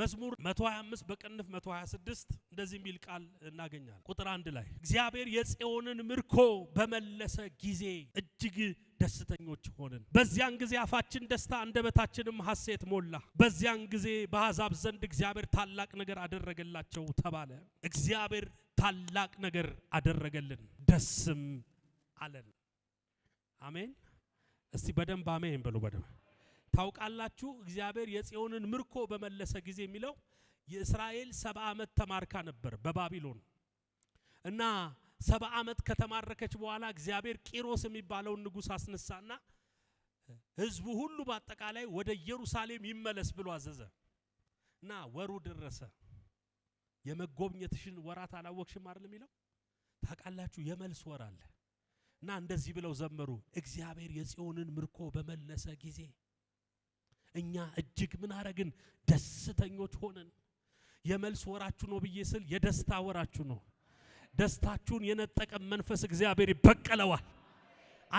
መዝሙር 125 በቅንፍ 126 እንደዚህ የሚል ቃል እናገኛለን። ቁጥር አንድ ላይ እግዚአብሔር የጽዮንን ምርኮ በመለሰ ጊዜ እጅግ ደስተኞች ሆንን። በዚያን ጊዜ አፋችን ደስታ አንደበታችንም ሐሴት ሞላ። በዚያን ጊዜ በአሕዛብ ዘንድ እግዚአብሔር ታላቅ ነገር አደረገላቸው ተባለ። እግዚአብሔር ታላቅ ነገር አደረገልን ደስም አለን። አሜን። እስቲ በደንብ አሜን በሉ በደንብ ታውቃላችሁ እግዚአብሔር የጽዮንን ምርኮ በመለሰ ጊዜ የሚለው የእስራኤል ሰባ ዓመት ተማርካ ነበር በባቢሎን እና ሰባ ዓመት ከተማረከች በኋላ እግዚአብሔር ቂሮስ የሚባለውን ንጉሥ አስነሳና ህዝቡ ሁሉ በአጠቃላይ ወደ ኢየሩሳሌም ይመለስ ብሎ አዘዘ እና ወሩ ደረሰ። የመጎብኘትሽን ወራት አላወቅሽም አይደል የሚለው ታውቃላችሁ፣ የመልስ ወር አለ እና እንደዚህ ብለው ዘመሩ፣ እግዚአብሔር የጽዮንን ምርኮ በመለሰ ጊዜ እኛ እጅግ ምን አረግን? ደስተኞች ሆንን። የመልስ ወራችሁ ነው ብዬ ስል የደስታ ወራችሁ ነው። ደስታችሁን የነጠቀ መንፈስ እግዚአብሔር ይበቀለዋል።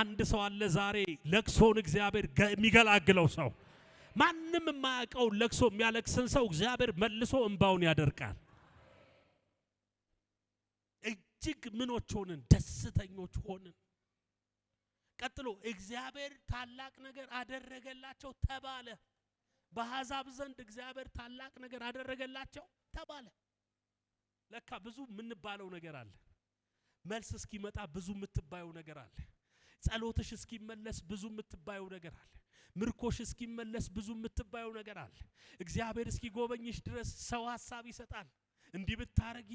አንድ ሰው አለ ዛሬ ለቅሶውን እግዚአብሔር የሚገላግለው ሰው ማንም የማያውቀውን ለቅሶ የሚያለቅስን ሰው እግዚአብሔር መልሶ እንባውን ያደርቃል። እጅግ ምኖች ሆንን፣ ደስተኞች ሆንን። ቀጥሎ እግዚአብሔር ታላቅ ነገር አደረገላቸው ተባለ። በአሕዛብ ዘንድ እግዚአብሔር ታላቅ ነገር አደረገላቸው ተባለ። ለካ ብዙ የምንባለው ነገር አለ። መልስ እስኪመጣ ብዙ የምትባየው ነገር አለ። ጸሎትሽ እስኪመለስ ብዙ የምትባየው ነገር አለ። ምርኮሽ እስኪመለስ ብዙ የምትባየው ነገር አለ። እግዚአብሔር እስኪጎበኝሽ ድረስ ሰው ሀሳብ ይሰጣል። እንዲህ ብታረጊ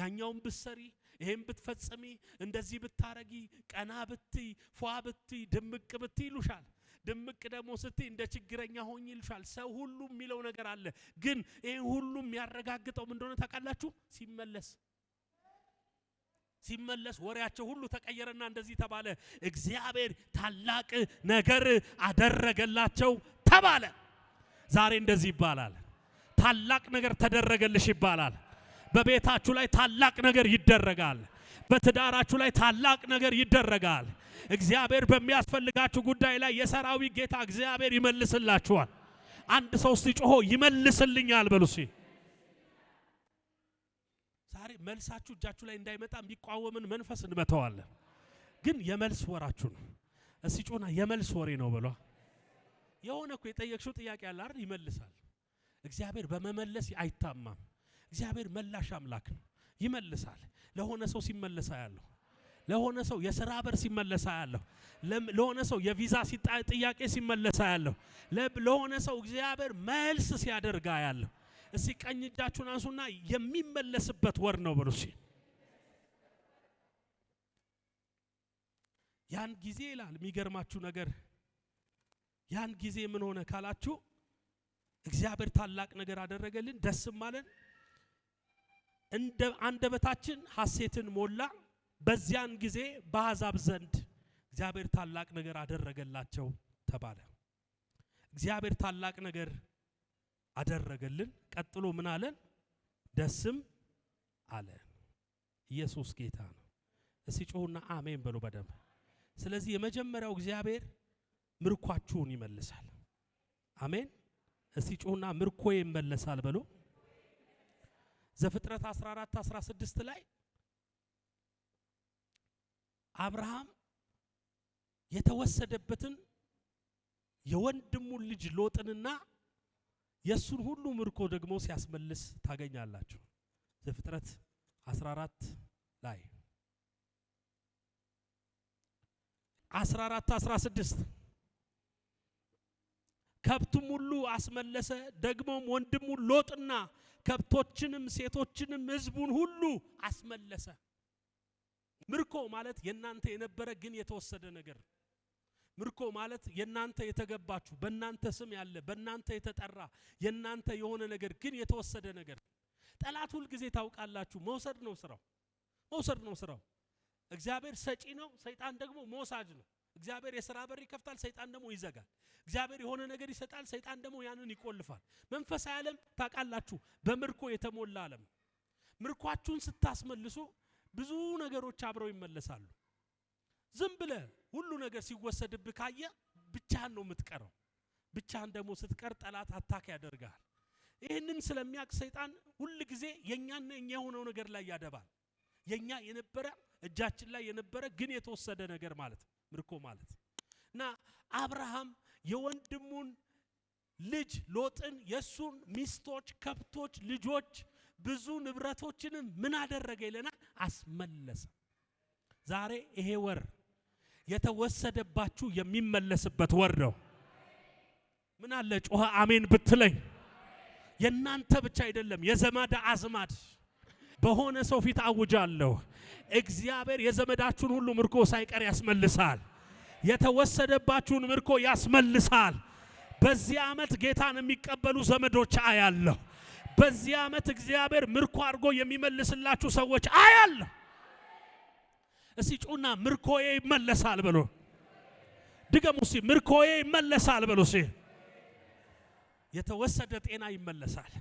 ያኛውን ብትሰሪ ይሄን ብትፈጽሚ እንደዚህ ብታረጊ ቀና ብትይ ፏ ብትይ ድምቅ ብትይ ይሉሻል። ድምቅ ደግሞ ስትይ እንደ ችግረኛ ሆኝ ይልሻል ሰው ሁሉ የሚለው ነገር አለ። ግን ይህ ሁሉ የሚያረጋግጠው ምን እንደሆነ ታውቃላችሁ? ሲመለስ ሲመለስ ወሬያቸው ሁሉ ተቀየረና እንደዚህ ተባለ፣ እግዚአብሔር ታላቅ ነገር አደረገላቸው ተባለ። ዛሬ እንደዚህ ይባላል፣ ታላቅ ነገር ተደረገልሽ ይባላል። በቤታችሁ ላይ ታላቅ ነገር ይደረጋል። በትዳራችሁ ላይ ታላቅ ነገር ይደረጋል። እግዚአብሔር በሚያስፈልጋችሁ ጉዳይ ላይ የሰራዊት ጌታ እግዚአብሔር ይመልስላችኋል። አንድ ሰው ጮሆ ይመልስልኛል በሉ እስኪ። ዛሬ መልሳችሁ እጃችሁ ላይ እንዳይመጣ የሚቋወምን መንፈስ እንመተዋለን። ግን የመልስ ወራችሁ ነው። እስቲ ጮና የመልስ ወሬ ነው በሏ። የሆነ እኮ የጠየቅሽው ጥያቄ አለ አይደል? ይመልሳል። እግዚአብሔር በመመለስ አይታማም። እግዚአብሔር መላሽ አምላክ ነው። ይመልሳል። ለሆነ ሰው ሲመለሳ ያለሁ ለሆነ ሰው የስራ በር ሲመለሳ ያለሁ ለሆነ ሰው የቪዛ ጥያቄ ሲመለሳ ያለሁ ለሆነ ሰው እግዚአብሔር መልስ ሲያደርጋ ያለሁ። እስቲ ቀኝ እጃችሁን አንሱና የሚመለስበት ወር ነው ብሉ። ያን ጊዜ ይላል የሚገርማችሁ ነገር ያን ጊዜ ምን ሆነ ካላችሁ እግዚአብሔር ታላቅ ነገር አደረገልን፣ ደስም አለን። እንደ አንደበታችን ሐሴትን ሞላ። በዚያን ጊዜ በአሕዛብ ዘንድ እግዚአብሔር ታላቅ ነገር አደረገላቸው ተባለ። እግዚአብሔር ታላቅ ነገር አደረገልን። ቀጥሎ ምን አለን? ደስም አለ። ኢየሱስ ጌታ ነው። እስቲ ጮሁና አሜን በሉ በደንብ። ስለዚህ የመጀመሪያው እግዚአብሔር ምርኳችሁን ይመልሳል። አሜን። እስቲ ጮሁና ምርኮ ይመለሳል በሉ ዘፍጥረት 14 16 ላይ አብርሃም የተወሰደበትን የወንድሙን ልጅ ሎጥንና የእሱን ሁሉ ምርኮ ደግሞ ሲያስመልስ ታገኛላችሁ። ዘፍጥረት 14 ላይ 14 16 ከብቱም ሁሉ አስመለሰ። ደግሞም ወንድሙ ሎጥና ከብቶችንም ሴቶችንም ሕዝቡን ሁሉ አስመለሰ። ምርኮ ማለት የናንተ የነበረ ግን የተወሰደ ነገር። ምርኮ ማለት የናንተ የተገባችሁ በእናንተ ስም ያለ በእናንተ የተጠራ የናንተ የሆነ ነገር ግን የተወሰደ ነገር። ጠላት ሁልጊዜ ታውቃላችሁ፣ መውሰድ ነው ስራው፣ መውሰድ ነው ስራው። እግዚአብሔር ሰጪ ነው፣ ሰይጣን ደግሞ መውሳጅ ነው። እግዚአብሔር የስራ በር ይከፍታል፣ ሰይጣን ደግሞ ይዘጋል። እግዚአብሔር የሆነ ነገር ይሰጣል፣ ሰይጣን ደግሞ ያንን ይቆልፋል። መንፈሳዊ ዓለም ታውቃላችሁ፣ በምርኮ የተሞላ ዓለም። ምርኳችሁን ስታስመልሱ ብዙ ነገሮች አብረው ይመለሳሉ። ዝም ብለ ሁሉ ነገር ሲወሰድብህ ካየ ብቻህን ነው የምትቀረው። ብቻህን ደግሞ ስትቀር ጠላት አታክ ያደርጋል። ይህንን ስለሚያውቅ ሰይጣን ሁል ጊዜ የእኛና የኛ የሆነው ነገር ላይ ያደባል። የእኛ የነበረ እጃችን ላይ የነበረ ግን የተወሰደ ነገር ማለት ነው ምርኮ ማለት እና አብርሃም የወንድሙን ልጅ ሎጥን የእሱን ሚስቶች፣ ከብቶች፣ ልጆች ብዙ ንብረቶችንም ምን አደረገ ይለናል? አስመለሰ። ዛሬ ይሄ ወር የተወሰደባችሁ የሚመለስበት ወር ነው። ምን አለ ጮኸ አሜን ብትለኝ የእናንተ ብቻ አይደለም የዘመድ አዝማድ በሆነ ሰው ፊት አውጃለሁ። እግዚአብሔር የዘመዳችሁን ሁሉ ምርኮ ሳይቀር ያስመልሳል። የተወሰደባችሁን ምርኮ ያስመልሳል። በዚህ ዓመት ጌታን የሚቀበሉ ዘመዶች አያለሁ። በዚህ ዓመት እግዚአብሔር ምርኮ አድርጎ የሚመልስላችሁ ሰዎች አያለሁ። እስቲ ጩና ምርኮዬ ይመለሳል ብሎ ድገሙ። እስቲ ምርኮዬ ይመለሳል ብሎ የተወሰደ ጤና ይመለሳል።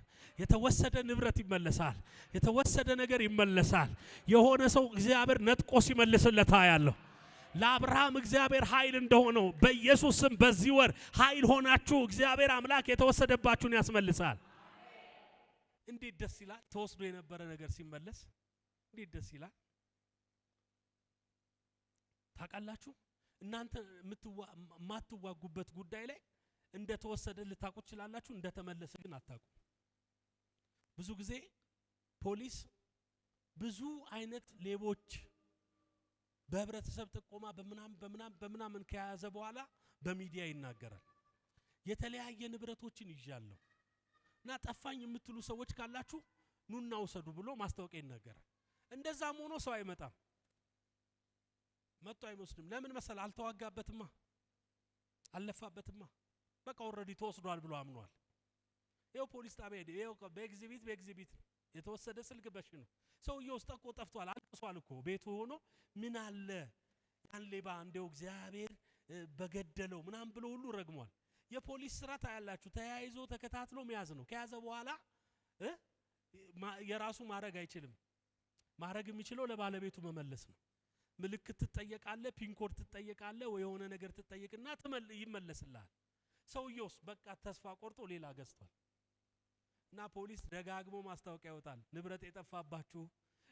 የተወሰደ ንብረት ይመለሳል። የተወሰደ ነገር ይመለሳል። የሆነ ሰው እግዚአብሔር ነጥቆ ሲመልስለት ያለሁ ለአብርሃም እግዚአብሔር ኃይል እንደሆነው በኢየሱስ ስም በዚህ ወር ኃይል ሆናችሁ እግዚአብሔር አምላክ የተወሰደባችሁን ያስመልሳል። እንዴት ደስ ይላል! ተወስዶ የነበረ ነገር ሲመለስ እንዴት ደስ ይላል! ታውቃላችሁ እናንተ የማትዋጉበት ጉዳይ ላይ እንደተወሰደ ልታቁ ትችላላችሁ፣ እንደተመለሰ ግን አታቁ። ብዙ ጊዜ ፖሊስ ብዙ አይነት ሌቦች በህብረተሰብ ጥቆማ በምናምን በምናምን በምናምን ከያዘ በኋላ በሚዲያ ይናገራል። የተለያየ ንብረቶችን ይዣለሁ እና ጠፋኝ የምትሉ ሰዎች ካላችሁ ኑና ውሰዱ ብሎ ማስታወቂያ ይናገራል። እንደዛም ሆኖ ሰው አይመጣም፣ መጥቶ አይወስድም። ለምን መሰል? አልተዋጋበትማ፣ አልለፋበትማ። በቃ ኦልሬዲ ተወስዷል ብሎ አምኗል። ይኸው ፖሊስ ጣቢያ ሄደ። ይኸው በኤግዚቢት በኤግዚቢት ነው የተወሰደ ስልክ በሽ ነው። ሰውየው ውስጥ እኮ ጠፍቷል። አልቅሷል እኮ ቤቱ ሆኖ ምን አለ ያን ሌባ እንደው እግዚአብሔር በገደለው ምናምን ብሎ ሁሉ ረግሟል። የፖሊስ ስራ ታያላችሁ። ተያይዞ ተከታትሎ መያዝ ነው። ከያዘ በኋላ የራሱ ማድረግ አይችልም። ማድረግ የሚችለው ለባለቤቱ መመለስ ነው። ምልክት ትጠየቃለ፣ ፒንኮድ ትጠየቃለ፣ ወይ የሆነ ነገር ትጠይቅና ይመለስልሃል። ሰውየውስ በቃ ተስፋ ቆርጦ ሌላ ገዝቷል። እና ፖሊስ ደጋግሞ ማስታወቂያ ይወጣል። ንብረት የጠፋባችሁ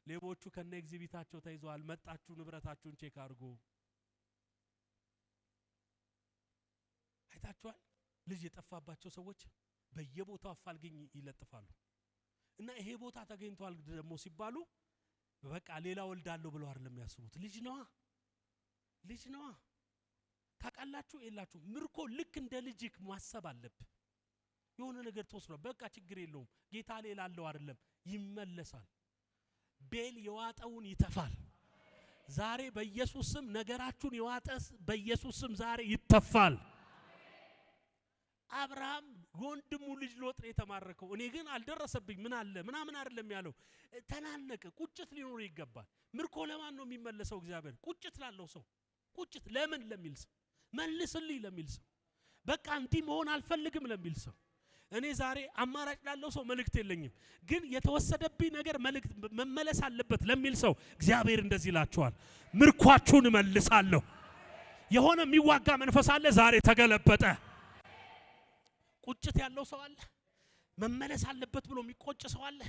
ሌቦቹ ከነ ኤግዚቢታቸው ተይዘዋል፣ መጣችሁ ንብረታችሁን ቼክ አድርጉ። አይታችኋል። ልጅ የጠፋባቸው ሰዎች በየቦታው አፋልግኝ ይለጥፋሉ። እና ይሄ ቦታ ተገኝቷል ደግሞ ሲባሉ በቃ ሌላ ወልዳለሁ ብለው አይደለም የሚያስቡት። ልጅ ነዋ ልጅ ነዋ ታውቃላችሁ የላችሁ ምርኮ ልክ እንደ ልጅክ ማሰብ አለብ። የሆነ ነገር ተወስዶ በቃ ችግር የለውም ጌታ ሌላ አለው አይደለም፣ ይመለሳል። ቤል የዋጠውን ይተፋል። ዛሬ በኢየሱስ ስም ነገራችሁን የዋጠስ በኢየሱስ ስም ዛሬ ይተፋል። አብርሃም ወንድሙ ልጅ ሎጥ ነው የተማረከው። እኔ ግን አልደረሰብኝ ምን አለ ምናምን አይደለም ያለው። ተናነቀ። ቁጭት ሊኖር ይገባል። ምርኮ ለማን ነው የሚመለሰው? እግዚአብሔር ቁጭት ላለው ሰው ቁጭት ለምን ለሚል ሰው መልስልኝ ለሚል ሰው፣ በቃ እንዲህ መሆን አልፈልግም ለሚል ሰው እኔ ዛሬ አማራጭ ላለው ሰው መልእክት የለኝም፣ ግን የተወሰደብኝ ነገር መልእክት መመለስ አለበት ለሚል ሰው እግዚአብሔር እንደዚህ ይላችኋል፣ ምርኳችሁን እመልሳለሁ። የሆነ የሚዋጋ መንፈስ አለ፣ ዛሬ ተገለበጠ። ቁጭት ያለው ሰው አለ፣ መመለስ አለበት ብሎ የሚቆጭ ሰው አለ፣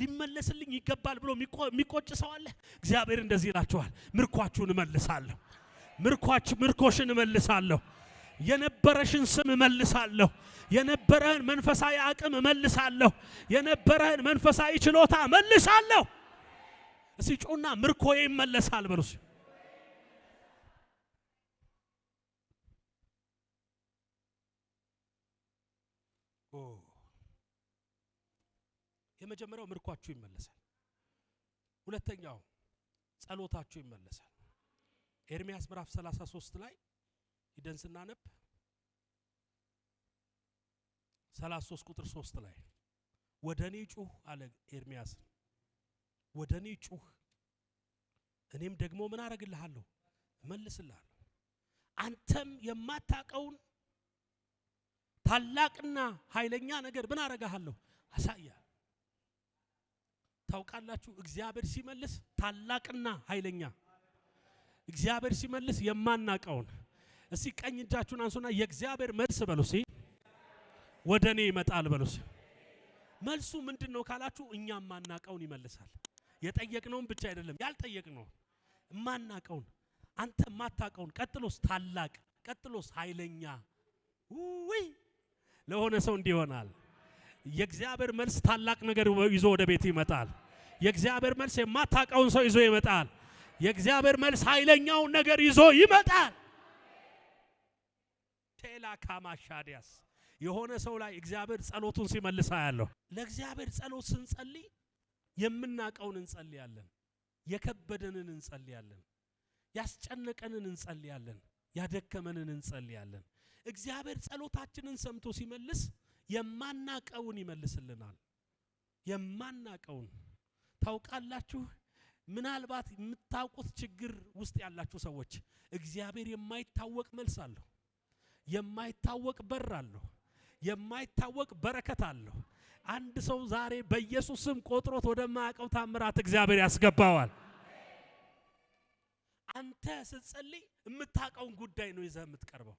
ሊመለስልኝ ይገባል ብሎ የሚቆጭ ሰው አለ። እግዚአብሔር እንደዚህ ይላችኋል፣ ምርኳችሁን እመልሳለሁ። ምርኳች ምርኮሽን እመልሳለሁ። የነበረሽን ስም እመልሳለሁ። የነበረህን መንፈሳዊ አቅም እመልሳለሁ። የነበረህን መንፈሳዊ ችሎታ እመልሳለሁ። እስቲ ጩና ምርኮዬ ይመለሳል በሉ። የመጀመሪያው ምርኳችሁ ይመለሳል። ሁለተኛው ጸሎታችሁ ይመለሳል። ኤርሚያስ ምዕራፍ 33 ላይ ሂደን ስናነብ 33 ቁጥር 3 ላይ ወደ እኔ ጩህ አለ ኤርሚያስ፣ ወደ እኔ ጩህ እኔም ደግሞ ምን አረግልሃለሁ? እመልስልሃለሁ። አንተም የማታቀውን ታላቅና ኃይለኛ ነገር ምን አረጋሃለሁ? አሳያል። ታውቃላችሁ፣ እግዚአብሔር ሲመልስ ታላቅና ኃይለኛ እግዚአብሔር ሲመልስ የማናቀውን እስቲ ቀኝ እጃችሁን አንሱና የእግዚአብሔር መልስ በሉ። ወደኔ ወደ እኔ ይመጣል በሉ። መልሱ ምንድን ነው ካላችሁ፣ እኛ የማናቀውን ይመልሳል። የጠየቅነውን ብቻ አይደለም ያልጠየቅነውን፣ የማናቀውን፣ አንተ የማታቀውን። ቀጥሎስ ታላቅ፣ ቀጥሎስ ኃይለኛ። ውይ ለሆነ ሰው እንዲህ ይሆናል። የእግዚአብሔር መልስ ታላቅ ነገር ይዞ ወደ ቤት ይመጣል። የእግዚአብሔር መልስ የማታቀውን ሰው ይዞ ይመጣል። የእግዚአብሔር መልስ ኃይለኛውን ነገር ይዞ ይመጣል። ቴላ ካማሻዲያስ የሆነ ሰው ላይ እግዚአብሔር ጸሎቱን ሲመልሳ ያለሁ። ለእግዚአብሔር ጸሎት ስንጸልይ የምናቀውን እንጸልያለን፣ የከበደንን እንጸልያለን፣ ያስጨነቀንን እንጸልያለን፣ ያደከመንን እንጸልያለን። እግዚአብሔር ጸሎታችንን ሰምቶ ሲመልስ የማናቀውን ይመልስልናል። የማናቀውን ታውቃላችሁ። ምናልባት የምታውቁት ችግር ውስጥ ያላችሁ ሰዎች እግዚአብሔር የማይታወቅ መልስ አለሁ፣ የማይታወቅ በር አለሁ፣ የማይታወቅ በረከት አለሁ። አንድ ሰው ዛሬ በኢየሱስ ስም ቆጥሮት ወደማያውቀው ታምራት እግዚአብሔር ያስገባዋል። አንተ ስትጸልይ የምታውቀውን ጉዳይ ነው ይዘህ የምትቀርበው።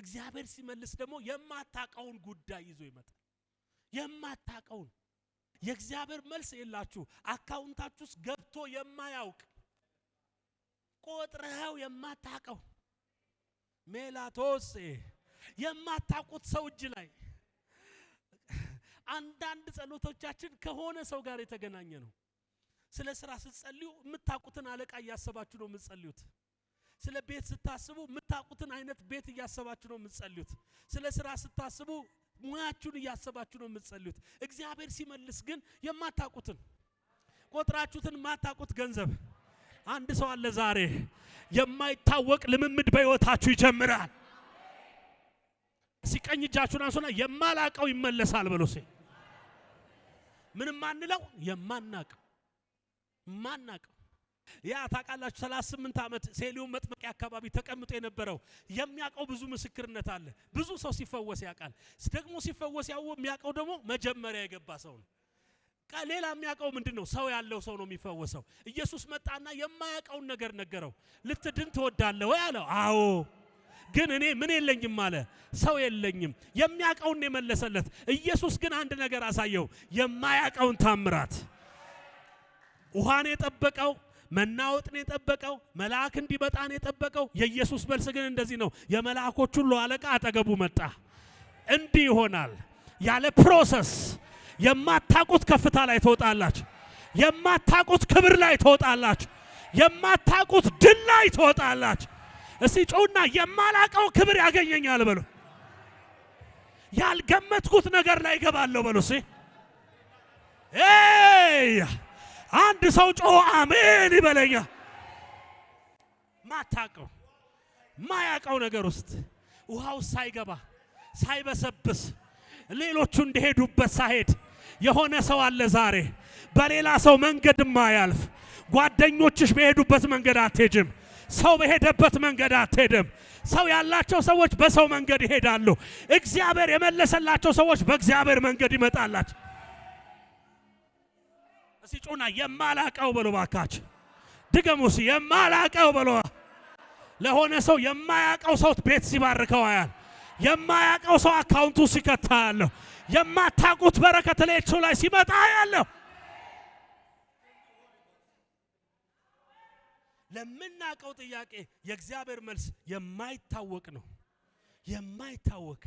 እግዚአብሔር ሲመልስ ደግሞ የማታውቀውን ጉዳይ ይዞ ይመጣል። የማታውቀውን የእግዚአብሔር መልስ የላችሁ አካውንታችሁ ውስጥ ወጥቶ የማያውቅ ቆጥረኸው የማታቀው ሜላቶስ የማታውቁት ሰው እጅ ላይ አንዳንድ ጸሎቶቻችን ከሆነ ሰው ጋር የተገናኘ ነው። ስለ ስራ ስትጸልዩ የምታውቁትን አለቃ እያሰባችሁ ነው የምትጸልዩት። ስለ ቤት ስታስቡ የምታውቁትን አይነት ቤት እያሰባችሁ ነው የምትጸልዩት። ስለ ስራ ስታስቡ ሙያችሁን እያሰባችሁ ነው የምትጸልዩት። እግዚአብሔር ሲመልስ ግን የማታውቁትን ቆጥራችሁትን ማታቁት ገንዘብ አንድ ሰው አለ ዛሬ የማይታወቅ ልምምድ በህይወታችሁ ይጀምራል። ሲቀኝ እጃችሁን አንሱና የማላቀው ይመለሳል ብሎ ምንም ማንለው የማናቀው ማናቀው ያ ታውቃላችሁ፣ 38 ዓመት ሴሊዮን መጥመቂያ አካባቢ ተቀምጦ የነበረው የሚያውቀው ብዙ ምስክርነት አለ። ብዙ ሰው ሲፈወስ ያውቃል። ደግሞ ሲፈወስ ያው የሚያውቀው ደግሞ መጀመሪያ የገባ ሰው ነው። ሌላ የሚያውቀው ምንድን ነው? ሰው ያለው ሰው ነው የሚፈወሰው። ኢየሱስ መጣና የማያውቀውን ነገር ነገረው። ልትድን ትወዳለህ ወይ አለው። አዎ ግን እኔ ምን የለኝም አለ። ሰው የለኝም። የሚያውቀውን የመለሰለት። ኢየሱስ ግን አንድ ነገር አሳየው፣ የማያውቀውን ታምራት። ውሃን የጠበቀው መናወጥን የጠበቀው መልአክ እንዲመጣን የጠበቀው የኢየሱስ መልስ ግን እንደዚህ ነው። የመልአኮች ሁሉ አለቃ አጠገቡ መጣ። እንዲህ ይሆናል ያለ ፕሮሰስ የማታቁት ከፍታ ላይ ትወጣላችሁ። የማታቁት ክብር ላይ ትወጣላችሁ። የማታቁት ድል ላይ ትወጣላችሁ። እስቲ ጮና የማላቀው ክብር ያገኘኛል በሉ። ያልገመትኩት ነገር ላይ ገባለሁ በሉ። እስቲ አንድ ሰው ጮ አሜን ይበለኛ። ማታቀው ማያቀው ነገር ውስጥ ውሃው ሳይገባ ሳይበሰብስ ሌሎቹ እንደሄዱበት ሳሄድ የሆነ ሰው አለ ዛሬ በሌላ ሰው መንገድ ማያልፍ ጓደኞችሽ በሄዱበት መንገድ አትሄጅም። ሰው በሄደበት መንገድ አትሄድም። ሰው ያላቸው ሰዎች በሰው መንገድ ይሄዳሉ። እግዚአብሔር የመለሰላቸው ሰዎች በእግዚአብሔር መንገድ ይመጣላቸው። እሲ ጩና የማላቀው ብሎ ባካች ድገሙ። ሲ የማላቀው ብሎ ለሆነ ሰው የማያቀው ሰው ቤት ሲባርከው አያል የማያውቀው ሰው አካውንቱ ሲከታ ያለሁ የማታውቁት በረከት ሌቹ ላይ ሲመጣ ያለሁ ለምናውቀው ጥያቄ የእግዚአብሔር መልስ የማይታወቅ ነው። የማይታወቅ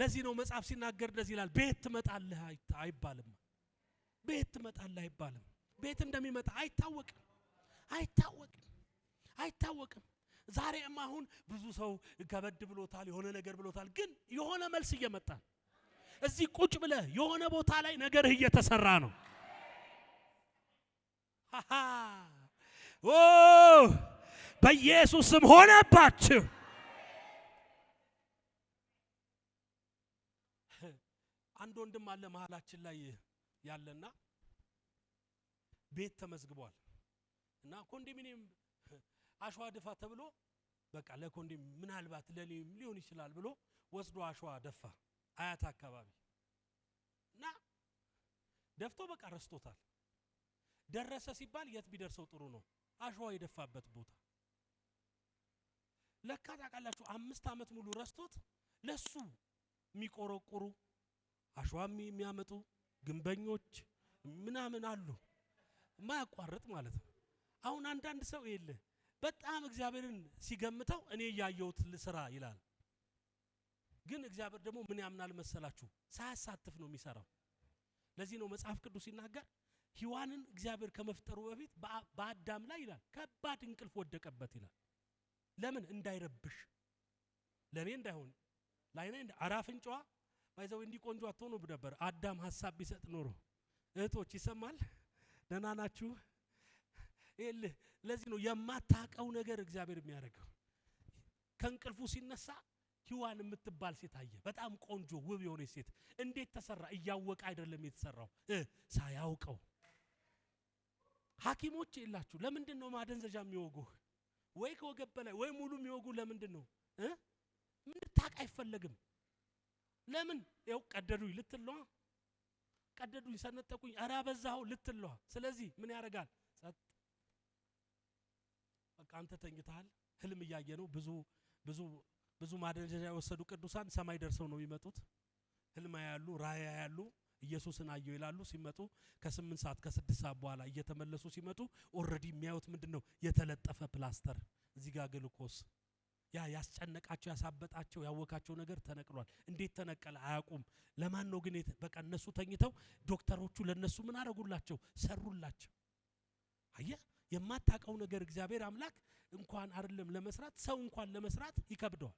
ለዚህ ነው መጽሐፍ ሲናገር እንደዚህ ይላል፣ ቤት ትመጣለህ አይባልም። ቤት ትመጣለህ አይባልም። ቤት እንደሚመጣ አይታወቅም። አይታወቅም። አይታወቅም። ዛሬም አሁን ብዙ ሰው ከበድ ብሎታል፣ የሆነ ነገር ብሎታል። ግን የሆነ መልስ እየመጣ እዚህ ቁጭ ብለ የሆነ ቦታ ላይ ነገርህ እየተሰራ ነው። በኢየሱስም ሆነባችሁ። አንድ ወንድም አለ መሀላችን ላይ ያለና ቤት ተመዝግቧል እና ኮንዶሚኒየም አሸዋ ድፋ ተብሎ በቃ ለኮንዶም ምናልባት ለኔም ሊሆን ይችላል ብሎ ወስዶ አሸዋ ደፋ። አያት አካባቢ እና ደፍቶ በቃ ረስቶታል። ደረሰ ሲባል የት ቢደርሰው ጥሩ ነው? አሸዋ የደፋበት ቦታ ለካ ታውቃላችሁ፣ አምስት ዓመት ሙሉ ረስቶት ለሱ የሚቆረቁሩ አሸዋ የሚያመጡ ግንበኞች ምናምን አሉ፣ ማያቋርጥ ማለት ነው። አሁን አንዳንድ ሰው የለ በጣም እግዚአብሔርን ሲገምተው እኔ እያየሁት ልስራ ይላል። ግን እግዚአብሔር ደግሞ ምን ያምናል መሰላችሁ? ሳያሳትፍ ነው የሚሰራው። ለዚህ ነው መጽሐፍ ቅዱስ ሲናገር ሔዋንን እግዚአብሔር ከመፍጠሩ በፊት በአዳም ላይ ይላል ከባድ እንቅልፍ ወደቀበት ይላል። ለምን እንዳይረብሽ፣ ለእኔ እንዳይሆን ላይና አራፍንጫዋ ባይዘው እንዲህ ቆንጆ አትሆኑ ነበር አዳም ሀሳብ ቢሰጥ ኖሮ። እህቶች ይሰማል? ደህና ናችሁ? ይልህ ለዚህ ነው የማታቀው ነገር እግዚአብሔር የሚያደርገው። ከእንቅልፉ ሲነሳ ሂዋን የምትባል ሴት አየ። በጣም ቆንጆ ውብ የሆነች ሴት። እንዴት ተሰራ? እያወቀ አይደለም የተሰራው፣ ሳያውቀው። ሐኪሞች የላችሁ? ለምንድን ነው ማደንዘዣ የሚወጉህ? ወይ ከወገብ በላይ ወይ ሙሉ የሚወጉ ለምንድን ነው? ምን አይፈለግም። ለምን ያው ቀደዱኝ ልትለዋ ቀደዱኝ፣ ሰነጠቁኝ፣ ኧረ አበዛኸው ልትለዋ። ስለዚህ ምን ያደርጋል? ጸጥ በቃ አንተ ተኝተሃል። ህልም እያየ ነው። ብዙ ብዙ ብዙ ማደንዘዣ የወሰዱ ቅዱሳን ሰማይ ደርሰው ነው የሚመጡት። ህልም ያሉ ራእይ ያሉ ኢየሱስን አየው ይላሉ። ሲመጡ ከስምንት ሰዓት ከስድስት ሰዓት በኋላ እየተመለሱ ሲመጡ ኦልሬዲ የሚያዩት ምንድን ነው? የተለጠፈ ፕላስተር፣ እዚህ ጋር ግልኮስ። ያ ያስጨነቃቸው፣ ያሳበጣቸው፣ ያወካቸው ነገር ተነቅሏል። እንዴት ተነቀለ አያውቁም። ለማን ነው ግን? በቃ እነሱ ተኝተው ዶክተሮቹ ለነሱ ምን አረጉላቸው? ሰሩላቸው። አየህ የማታቀው ነገር እግዚአብሔር አምላክ እንኳን አይደለም ለመስራት ሰው እንኳን ለመስራት ይከብደዋል፣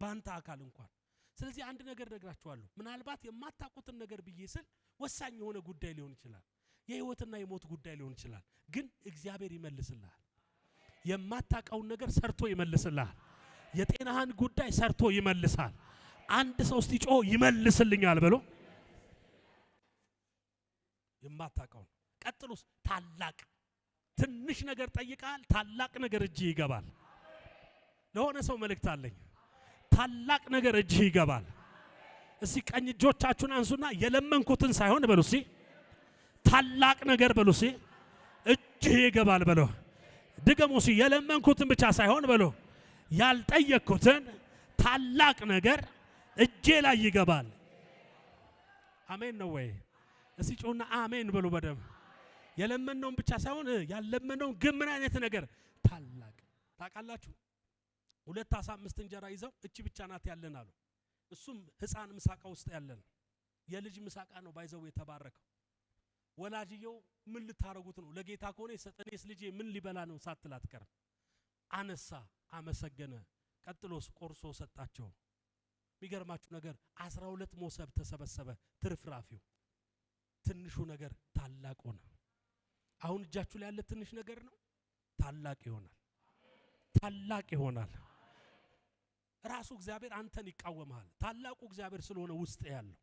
በአንተ አካል እንኳን። ስለዚህ አንድ ነገር ነግራችኋለሁ። ምናልባት የማታቁትን ነገር ብዬ ስል ወሳኝ የሆነ ጉዳይ ሊሆን ይችላል፣ የህይወትና የሞት ጉዳይ ሊሆን ይችላል። ግን እግዚአብሔር ይመልስልሃል። የማታቀውን ነገር ሰርቶ ይመልስልሃል። የጤናህን ጉዳይ ሰርቶ ይመልሳል። አንድ ሰው እስቲ ጮ ይመልስልኛል ብሎ የማታውቀውን ቀጥሎስ ታላቅ ትንሽ ነገር ጠይቃል፣ ታላቅ ነገር እጅ ይገባል። ለሆነ ሰው መልእክት አለኝ። ታላቅ ነገር እጅ ይገባል። እስቲ ቀኝ እጆቻችሁን አንሱና የለመንኩትን ሳይሆን በሉ እስቲ ታላቅ ነገር በሉ እስቲ እጅ ይገባል በሉ። ድገሙ እስቲ የለመንኩትን ብቻ ሳይሆን በሉ ያልጠየቅኩትን ታላቅ ነገር እጄ ላይ ይገባል። አሜን ነው ወይ? እስቲ ጩና አሜን በሉ በደም የለመነውን ብቻ ሳይሆን ያለመነውን ግን ምን አይነት ነገር ታላቅ ታውቃላችሁ። ሁለት አሳ አምስት እንጀራ ይዘው እቺ ብቻ ናት ያለን አሉ። እሱም ህፃን ምሳቃ ውስጥ ያለን የልጅ ምሳቃ ነው ባይዘው የተባረከው። ወላጅየው ምን ልታረጉት ነው? ለጌታ ከሆነ የሰጠኔስ ልጄ ምን ሊበላ ነው ሳትል አትቀርም። አነሳ፣ አመሰገነ። ቀጥሎስ ቆርሶ ሰጣቸው። የሚገርማችሁ ነገር አስራ ሁለት ሞሰብ ተሰበሰበ። ትርፍራፊው ትንሹ ነገር ታላቅ ሆነ። አሁን እጃችሁ ላይ ያለ ትንሽ ነገር ነው፣ ታላቅ ይሆናል። ታላቅ ይሆናል። ራሱ እግዚአብሔር አንተን ይቃወማል ታላቁ እግዚአብሔር ስለሆነ ውስጥ ያለው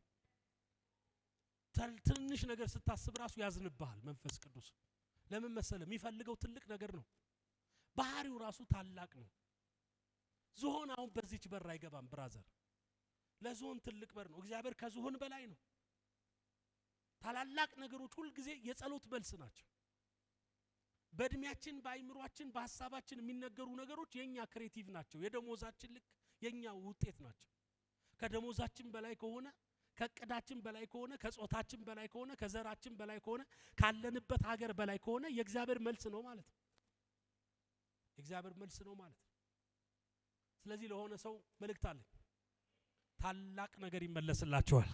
ትንሽ ነገር ስታስብ ራሱ ያዝንብሃል። መንፈስ ቅዱስ ለምን መሰለ የሚፈልገው ትልቅ ነገር ነው። ባህሪው ራሱ ታላቅ ነው። ዝሆን አሁን በዚች በር አይገባም። ብራዘር ለዝሆን ትልቅ በር ነው። እግዚአብሔር ከዝሆን በላይ ነው። ታላላቅ ነገሮች ሁልጊዜ የጸሎት መልስ ናቸው። በእድሜያችን በአይምሯችን በሀሳባችን የሚነገሩ ነገሮች የእኛ ክሬቲቭ ናቸው። የደሞዛችን ልክ የእኛ ውጤት ናቸው። ከደሞዛችን በላይ ከሆነ ከእቅዳችን በላይ ከሆነ ከጾታችን በላይ ከሆነ ከዘራችን በላይ ከሆነ ካለንበት ሀገር በላይ ከሆነ የእግዚአብሔር መልስ ነው ማለት ነው። የእግዚአብሔር መልስ ነው ማለት ነው። ስለዚህ ለሆነ ሰው መልእክት አለኝ። ታላቅ ነገር ይመለስላችኋል።